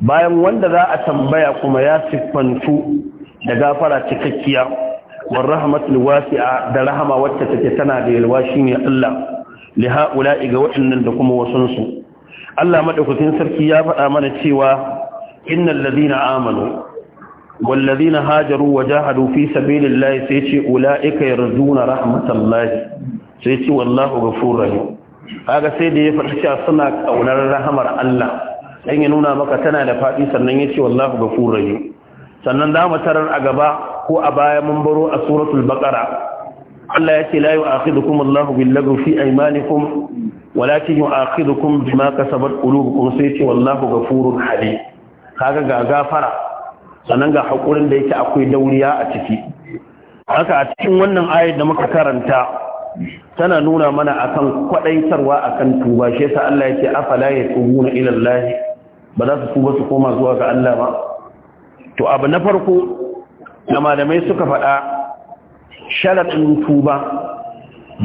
bayan wanda za a tambaya kuma ya siffantu da gafara cikakkiya wa rahmatul wasi'a da rahama wacce take tana da yalwa shine Allah li haula'i ga waɗannan da kuma wasun su Allah madaukakin sarki ya faɗa mana cewa innal ladina amanu wal ladina hajaru wa jahadu fi sabilillahi sai ce ulaika yarduna rahmatallahi sai ce wallahu ghafurur rahim kaga sai da ya faɗi cewa suna kaunar rahamar Allah dan ya nuna maka tana da faɗi sannan ya ce wallahu ghafurur rahim sannan da tarar a gaba ko a baya mun baro a suratul baqara Allah ya ce la yu'akhidukum Allahu bil lagwi fi aymanikum walakin yu'akhidukum bima kasabat qulubukum sai ce wallahu ghafurur halim kaga ga gafara sanan ga hakurin da yake akwai dauriya a ciki haka a cikin wannan ayar da muka karanta tana nuna mana akan kwadaitarwa akan tuba shi yasa Allah yake afala yatubuna ila Allah ba za su tuba su koma zuwa ga Allah ba to abu na farko da malamai suka faɗa sharaɗin tuba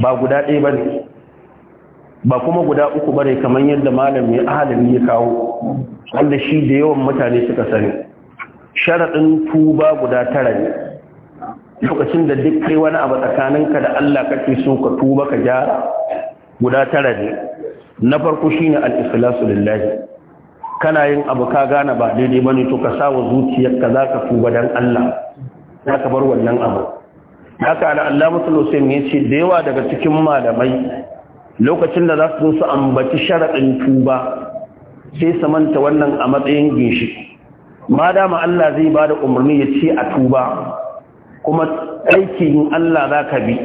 ba guda ɗaya ba ne ba kuma guda uku ba ne kamar yadda malamin ahalin ya kawo wanda shi da yawan mutane suka sani sharaɗin tuba guda tara ne lokacin da duk kai wani abu tsakaninka da Allah kake so ka tuba ka ja guda tara ne na farko shine al-ikhlasu lillahi kana yin abu ka gane ba daidai bane to ka sa wa zuciyarka ka tuba dan Allah za ka bar wannan abu haka al'allama sulusim ya ce da yawa daga cikin malamai lokacin da za su su ambaci sharaɗin tuba sai su manta wannan a matsayin ginshi ma dama Allah zai ba da umarni ya ce a tuba kuma aiki aikin Allah za ka bi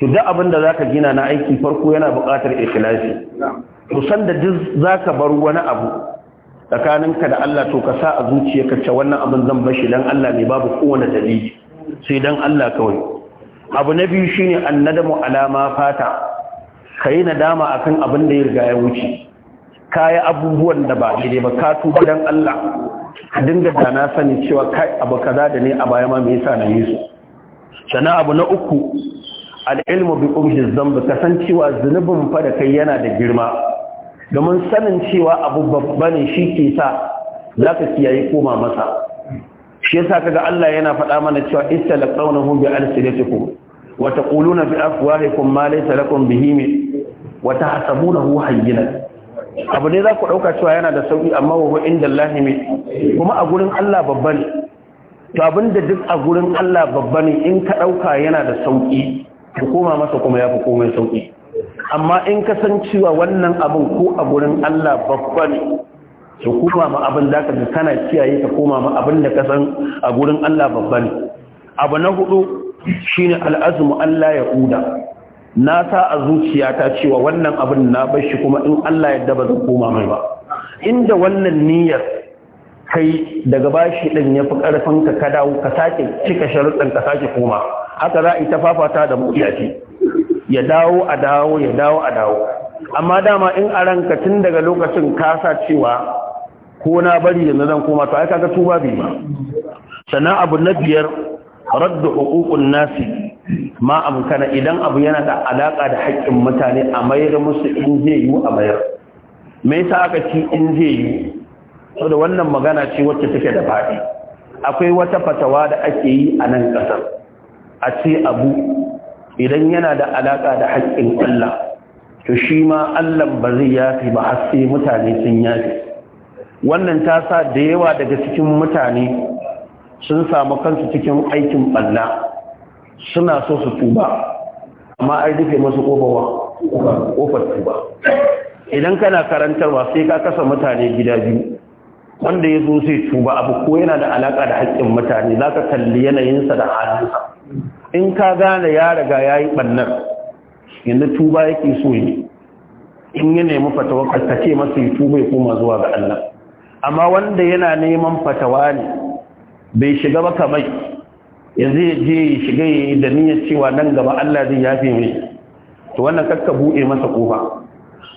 to duk abin da za ka gina na aiki farko yana buƙatar ikilasi kusan da duk za ka bar wani abu tsakaninka da Allah to ka sa a ka ce wannan abin zan bashi dan Allah ne babu kowane dalili sai dan Allah kawai abu na biyu shine annadamu alama fata kai nadama akan abin da ya riga ya wuce kaya abubuwan da ba ne ba ka tuba dan Allah ka dinga da na sani cewa kai abu kaza da ne a baya ma me yasa na yi su sana abu na uku al-ilmu bi umhi zamba kasancewa zunubin fa da kai yana da girma domin sanin cewa abu babba ne shi ke sa za ka kiyaye koma masa shi yasa ga Allah yana faɗa mana cewa istalaqawnahu bi alsilatikum wa taquluna bi afwahikum ma laysa lakum bihi min wa tahsabunahu hayyinan abu ne za ku ɗauka cewa yana da sauƙi amma wa inda Allah ne kuma a gurin Allah babba ne to abinda duk a gurin Allah babba ne in ka ɗauka yana da sauƙi ku koma masa kuma ya fi komai sauƙi amma in kasancewa wannan abin ko a gurin Allah babban su to koma ma abin da ka kana kiyaye ka koma ma abin da ka san a gurin Allah babban, abu na hudu shine al'azmu Allah ya uda na sa a ta cewa wannan abin na bar kuma in Allah yadda ba zan koma mai ba inda wannan niyyar kai daga bashi din ya fi karfin ka ka dawo ka sake cika sharuɗan ka sake koma haka za a yi ta fafata da mu'iyaci ya dawo a dawo ya dawo a dawo amma dama in a ranka tun daga lokacin kasa cewa ko na bari yanzu zan koma to ai kaga tuba bi ba sannan abu na biyar raddu huququn nasi ma amkana idan abu yana da alaka da haƙƙin mutane a mayar musu in zai yi a mayar me yasa aka ci in zai yi saboda wannan magana ce wacce take da faɗi akwai wata fatawa da ake yi a nan ƙasar a ce abu idan yana da alaƙa da haƙƙin Allah to shi ma Allah ba zai yafi ba har sai mutane sun yafi wannan ta sa da yawa daga cikin mutane sun samu kansu cikin aikin ɓalla suna so su tuba amma ai dake masu ƙofawa kofar tuba idan kana karantarwa sai ka kasa mutane gida biyu wanda ya zo sai tuba abu ko yana da alaƙa da haƙƙin mutane za ka kalli yanayinsa da halinsa in ka gane ya riga ya yi ɓannar yadda tuba yake so yi in ya nemi fatawa ka ce masa yi tuba ya koma zuwa ga Allah amma wanda yana neman fatawa ne bai shiga ba kamai yanzu ya je ya shiga ya yi da niyyar cewa nan gaba Allah zai yafe mai to wannan kakka buɗe masa kofa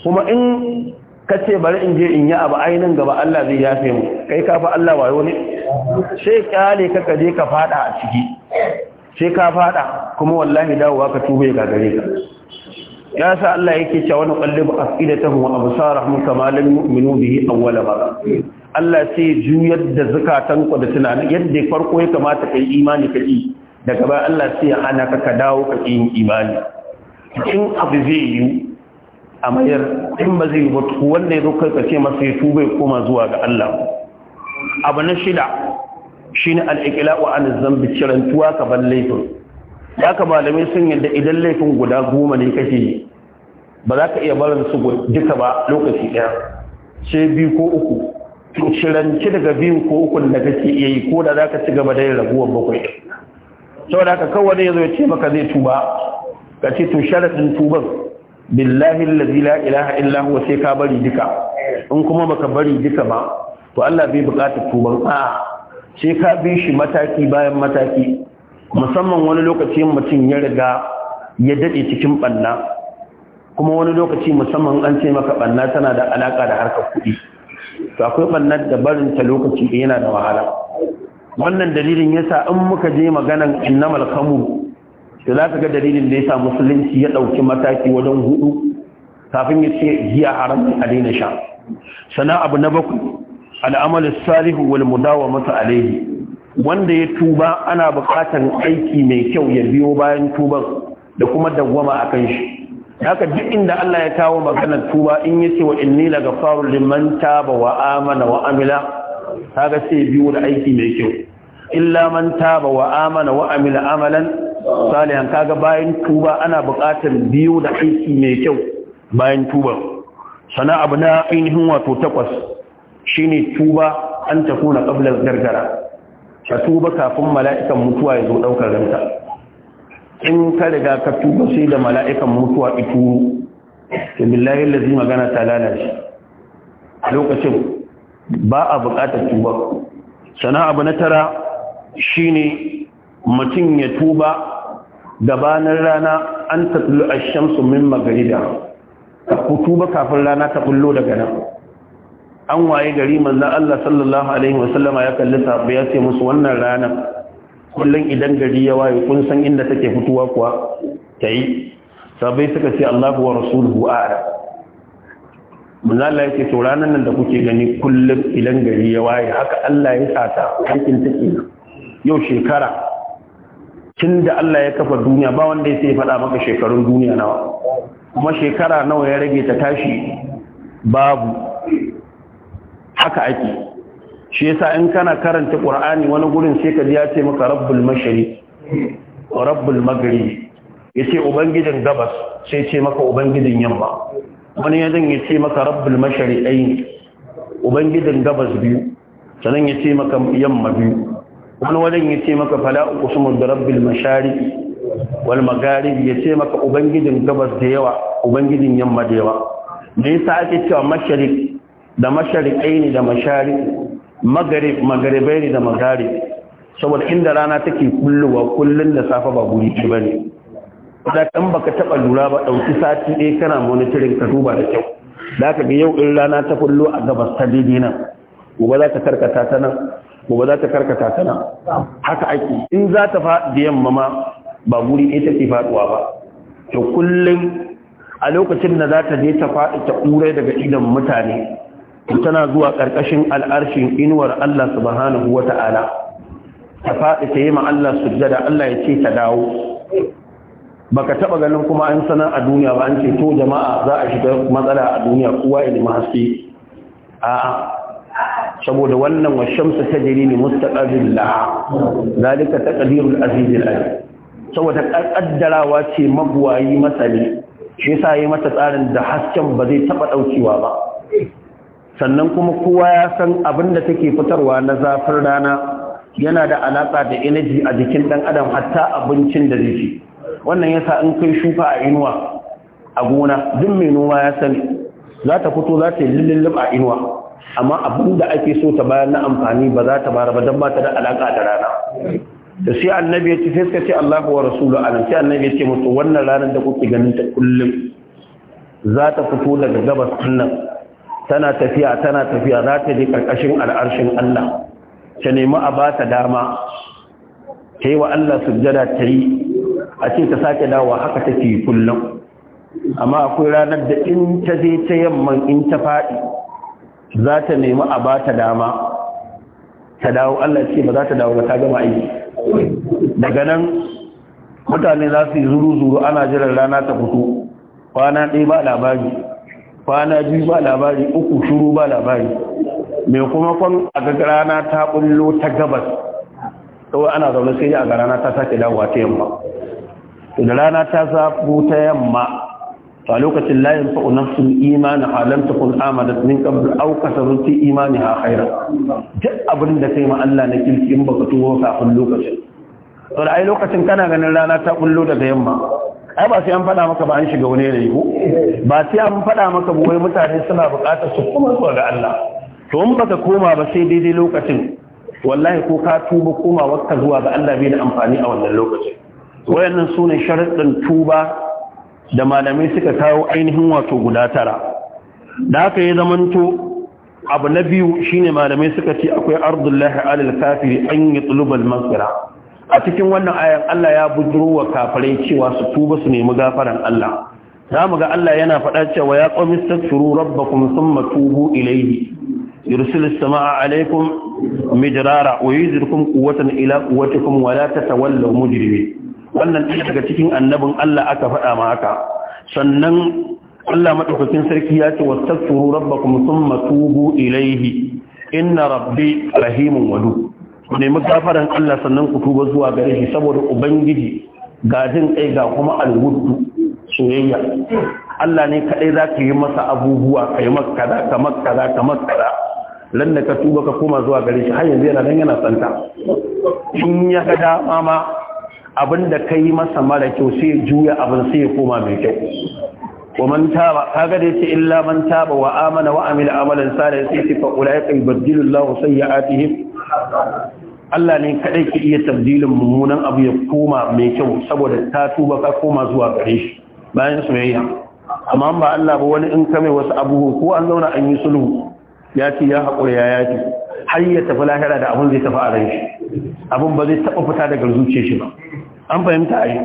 kuma in ka ce bari in je in yi abu ainihin gaba Allah zai yafe mu kai ka Allah wayo ne sai kyale kaka je ka fada a ciki sai ka fada kuma wallahi dawowa ka tuba ga gare ka ya sa Allah yake cewa wani qallibu ta wa absarahum kama lam yu'minu bihi awwala ba Allah sai juyar da zakatan ku da tunanin yadda farko ya kamata kai imani ka yi daga ba Allah sai ya hana ka ka dawo ka yin imani in abu zai yi a mayar in ba zai yi wanda ya zo kai ka ce masa ya tuba ya koma zuwa ga Allah abu na shida shine al-iqla'u an zambi cirantuwa ka ban laifin ya ka malamai sun yadda idan laifin guda goma ne kake yi ba za ka iya barin su duka ba lokaci ɗaya sai biyu ko uku to ciranci daga biyu ko uku da kake iya yi ko da za ka ci gaba da yin raguwar bakwai saboda haka kawai ya zo ya ce maka zai tuba ka ce to sharaɗin tuban billahi allazi la ilaha illa sai ka bari duka in kuma baka bari duka ba to Allah bai buƙatar tuban a'a sai ka bi shi mataki bayan mataki musamman wani lokaci mutum ya riga ya daɗe cikin banna kuma wani lokaci musamman an ce maka banna tana da alaka da harkar kuɗi to akwai banna da barin ta lokaci da yana da wahala wannan dalilin yasa in muka je maganan innamal kamu to za ka ga dalilin da yasa musulunci ya ɗauki mataki wajen hudu kafin ya ce giya haram a daina sha sana abu na bakwai al'amal salihu wal masa alaihi wanda ya tuba ana buƙatar aiki mai kyau ya biyo bayan tuban da kuma dawwama akan shi haka duk inda Allah ya kawo maganar tuba in ya ce wa inni faru liman taba wa amana wa amila haka sai biyo da aiki mai kyau illa man taba wa amana wa amila amalan salihan kaga bayan tuba ana buƙatar biyo da aiki mai kyau bayan tuba sana abu na ainihin wato takwas Shi ne tuba an tafuna qabla gargara ka tuba kafin mala'ikan mutuwa ya zo ɗaukar ranta in ka riga ka tuba sai da mala'ikan mutuwa ituru da billahi allazi magana ta lalace a lokacin ba a buƙatar tuba sana abu na tara shi ne mutum ya tuba gabanin rana an tatlu a shamsu min magarida ka tuba kafin rana ta ɓullo daga nan an waye gari manzan Allah sallallahu Alaihi wasallama ya kalli sabu ya ce musu wannan rana. kullum idan gari ya waye kun san inda take fitowa kuwa ta yi sabai suka ce Allah wa rasuluhu a'ara manzan Allah ya ce to ranar nan da kuke gani kullum idan gari ya waye haka Allah ya sata aikin take yau shekara tun da Allah ya kafa duniya ba wanda ya sai faɗa maka shekarun duniya nawa kuma shekara nawa ya rage ta tashi babu haka ake shi yasa in kana karanta qur'ani wani gurin sai ka ji ya ce maka rabbul mashriq wa rabbul maghrib yace ubangijin gabas sai ce maka ubangijin yamma wani ya ya ce maka rabbul mashriqain ubangijin gabas biyu sanan ya maka yamma biyu wani wajen ya maka fala uqsimu bi rabbil mashariq wal magharib ya maka ubangijin gabas da yawa ubangijin yamma da yawa me yasa ake cewa mashari? da masharikai ne da mashari magaribai ne da magari saboda inda rana take kulluwa, kullum da safa ba guri ce ba ne da kan baka taba lura ba ɗauki sati ɗaya kana monitoring ka duba da kyau da ka ga yau in rana ta kullu a gabas ta daidai nan gobe za ka karkata ta nan gobe za ka karkata ta nan haka ake in za ta faɗi yamma ma ba guri ɗaya take faɗuwa ba to kullum a lokacin da za ta je ta faɗi ta ƙure daga idan mutane tana zuwa ƙarƙashin al'arshin inuwar Allah subhanahu wa ta'ala ta faɗi ta yi ma Allah sujjada Allah ya ce ta dawo baka taɓa ganin kuma an sanar a duniya ba an ce to jama'a za a shiga matsala a duniya kowa ya a'a saboda wannan wa ta tajri li mustaqabil la zalika taqdirul azizil alim saboda ƙaddarawa ce mabuwayi masani shi yasa yi mata tsarin da hasken ba zai taɓa ɗaukewa ba sannan kuma kowa ya san abin da take fitarwa na zafin rana yana da alaƙa da energy a jikin ɗan adam hatta abincin da zai Wannan ya sa in kai shuka a inuwa a gona duk mai noma ya sani za ta fito za ta yi lullullum a inuwa amma abin da ake so ta bayan na amfani ba za ta bara ba don ba ta da alaƙa da rana da shi annabi ya ce sai suka ce Allah wa rasulu anan sai annabi ya ce musu wannan ranar da kuke ganin ta kullum za ta fito daga gabas nan tana tafiya tana tafiya za ta je ƙarƙashin al'arshin Allah ta nemi a ba ta dama ta yi wa Allah sujjada ta yi a ce ta sake dawa haka ta take kullum amma akwai ranar da in ta je ta yamman in ta faɗi za ta nemi a ba ta dama ta dawo Allah ce ba za ta dawo ba ta gama aiki daga nan mutane za su yi zuru-zuru ana jiran rana ta fito kwana ɗaya ba labari kwana biyu ba labari uku shuru ba labari mai kuma kwan a rana ta bullo ta gabas kawai ana zaune sai a ga rana ta sake dawa ta yamma da rana ta zafu ta yamma a lokacin layin fa'o imani imanin halamta kun amadat min ƙabbar aukasa rufi imani ha haira duk abin da kai Allah na kirki in baka tuwo kafin lokacin To da ai lokacin kana ganin rana ta bullo daga yamma ai ba sai an faɗa maka ba an shiga wani yanayi ko ba sai an faɗa maka ba wai mutane suna buƙatar su kuma zuwa ga Allah to in baka koma ba sai daidai lokacin wallahi ko ka tuba koma wakka zuwa ga Allah bai da amfani a wannan lokacin wayannan sune sharuɗin tuba da malamai suka kawo ainihin wato guda tara da haka ya zamanto abu na biyu shine malamai suka ce akwai ardullahi alal kafiri an yi tulubal masira a cikin wannan ayan Allah ya wa kafirai cewa su tuba su nemi gafaran Allah za mu ga Allah yana faɗa cewa ya qawmi astaghfiru rabbakum thumma tubu ilayhi yursilu samaa alaykum mijrara wa yuzirkum quwwatan ila quwwatikum wa la tatawallaw mujrimin wannan ɗaya daga cikin annabin Allah aka faɗa ma haka sannan Allah madaukakin sarki ya ce wastaghfiru rabbakum thumma tubu ilayhi inna rabbi rahimun wadud ku nemi gafaran Allah sannan ku tuba zuwa gare shi saboda ubangiji ga jin kai ga kuma alwudu soyayya Allah ne kadai za ka yi masa abubuwa kai makkaza ka makkaza ka makkaza lan da ka tuba ka koma zuwa gare shi har yanzu yana nan yana santa in ya ga dama ma abin ka yi masa mara kyau sai ya juya abin sai ya koma mai kyau Wa taba? dai ومن تاب هكذا wa من تاب وآمن وعمل عملا fa ulai kai badilullahu سيئاتهم Allah ne kadai ke iya tabdilin mummunan abu ya koma mai kyau saboda ta tuba ka koma zuwa gare shi bayan soyayya amma ba Allah ba wani in ka mai wasu abubuwa ko an zauna an yi sulhu ya ce ya haƙura ya yaki. har ya tafi lahira da abin zai tafi a ran shi abin ba zai taɓa fita daga zuciyar shi ba an fahimta a yi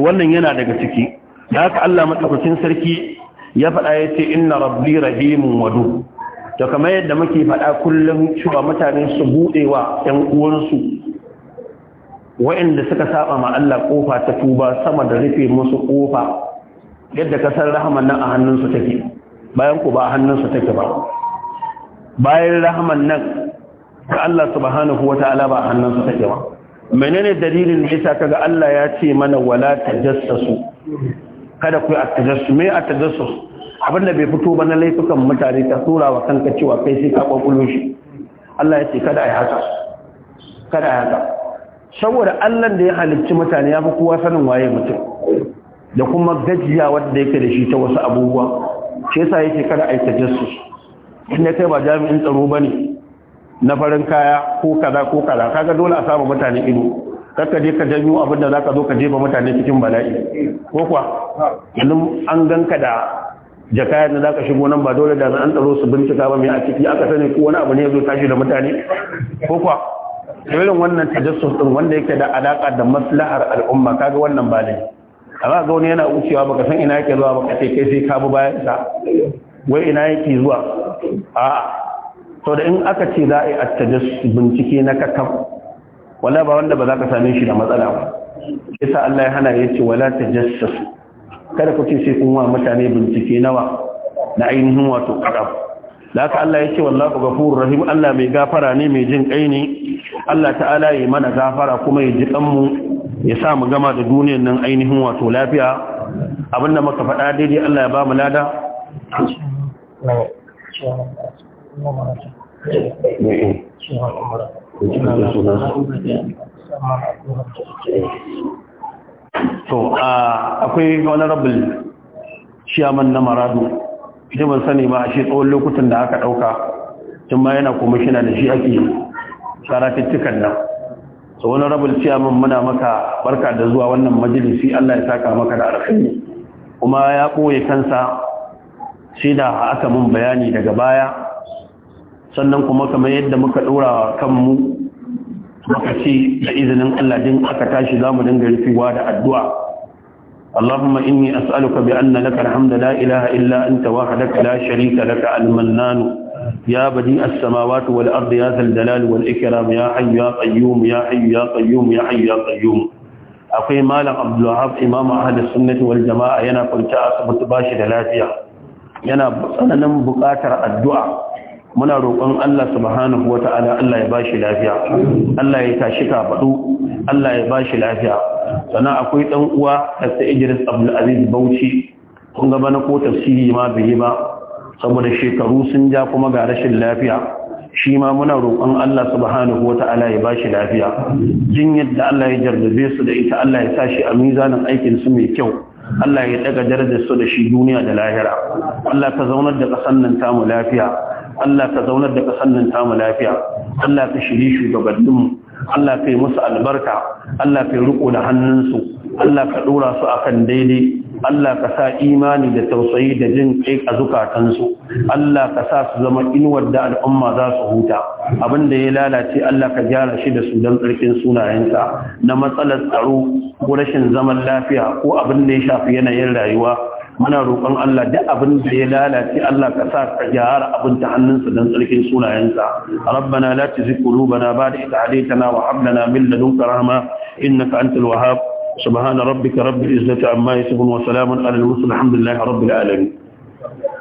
wannan yana daga ciki da haka Allah madaukakin sarki ya faɗa ya ce inna rabbi rahimun wadu to kamar yadda muke faɗa kullum cewa mutane su buɗewa ‘yan uwansu wa'inda suka saba ma Allah ƙofa ta tuba sama da rufe musu ƙofa yadda kasar rahaman nan a hannunsu take bayan ku ba a hannunsu take ba bayan rahaman nan ga Allah subhanahu wa ta'ala ba a hannunsu take ba menene dalilin da yasa kaga Allah ya ce mana wala tajassasu kada ku yi at-tajassus me at-tajassus abin da bai fito ba na laifukan mutane ta tura wa kanka cewa kai sai ka kwakwulo shi Allah ya ce kada a yi haka kada a yi haka saboda Allah da ya halicci mutane ya fi kowa sanin waye mutum da kuma gajiya wanda yake da shi ta wasu abubuwa shi yasa yake kada a yi tajassus in ya kai ba jami'in tsaro bane na farin kaya ko kaza ko kaza kaga dole a samu mutane ido kaka je ka janyo abin da zaka zo ka jefa mutane cikin bala'i ko kuwa yanzu an ganka da jaka da za ka shigo nan ba dole da an tsaro su bincika ba mai a ciki aka sani ko wani abu ne ya zo tashi da mutane ko kuwa irin wannan tajassus din wanda yake da alaka da maslahar al'umma kaga wannan ba ne amma ga wani yana wucewa baka san ina yake zuwa baka ce kai sai ka bi bayan sa wai ina yake zuwa a to da in aka ce za a yi tajassus bincike na kakkaf wala ba wanda ba za ka same shi da matsala ba yasa Allah ya hana ya ce wala tajassus kada ku ce sai kun wa mutane bincike nawa na ainihin wato ƙarab da haka Allah ya ce wallahu ghafurur rahim Allah mai gafara ne mai jin kai ne Allah ta'ala ya mana gafara kuma ya ji kanmu ya sa mu gama da duniyar nan ainihin wato lafiya abinda muka faɗa daidai Allah ya ba mu lada Thank you. to akwai wani rabin chairman na maradu shi ban sani ba shi tsawon lokutan da aka ɗauka tun ma yana komishina da shi ake fitikan nan so wani rabin ciyaman muna maka barka da zuwa wannan majalisi Allah ya saka maka da alkhairi kuma ya ɓoye kansa shi da aka mun bayani daga baya sannan kuma kamar yadda muka ɗora kanmu muka ce da izinin Allah din aka tashi za mu dinga rufewa da addu'a اللهم إني أسألك بأن لك الحمد لا إله إلا أنت وحدك لا شريك لك المنان يا بديع السماوات والأرض يا ذا الجلال والإكرام يا حي يا قيوم يا حي يا قيوم يا حي يا قيوم أخي مالك عبد الوهاب إمام أهل السنة والجماعة ينا كنت أصبت باشر لافيا ينا بصنن بقاتر الدعاء muna roƙon Allah subhanahu wata'ala Allah ya shi lafiya Allah ya tashi ka faɗo Allah ya bashi lafiya sannan akwai ɗan uwa Dr. Idris Abdul Aziz Bauchi kun ga na ko tafsiri ma bai ba saboda shekaru sun ja kuma ga rashin lafiya shi ma muna roƙon Allah subhanahu wata'ala ya bashi lafiya jin yadda Allah ya jarrabe su da ita Allah ya sashi a mizanin aikin su mai kyau Allah ya daga darajar su da shi duniya da lahira Allah ka zaunar da ƙasan nan tamu lafiya Allah ka zaunar da ƙasar nan tamu lafiya Allah ka shiri shugabanninmu Allah ka yi musu albarka Allah ka yi riko da hannunsu Allah ka ɗora su akan daidai Allah ka sa imani da tausayi da jin kai a zukatansu Allah ka sa su zama inuwar da al'umma za su huta abin da ya lalace Allah ka gyara shi da su don tsarkin sunayensa na matsalar tsaro ko rashin zaman lafiya ko abin da ya shafi yanayin rayuwa Mana roƙon Allah duk abin da ya lalace Allah ka sa ka gyara abin ta hannunsa don tsarkin sunayensa rabbana la tuzigh bana ba'da idh hadaytana wa hab lana min ladunka rahma innaka antal wahhab subhana rabbika rabbil izzati amma yasifun wa salamun alal mursalin alhamdulillahi rabbil alamin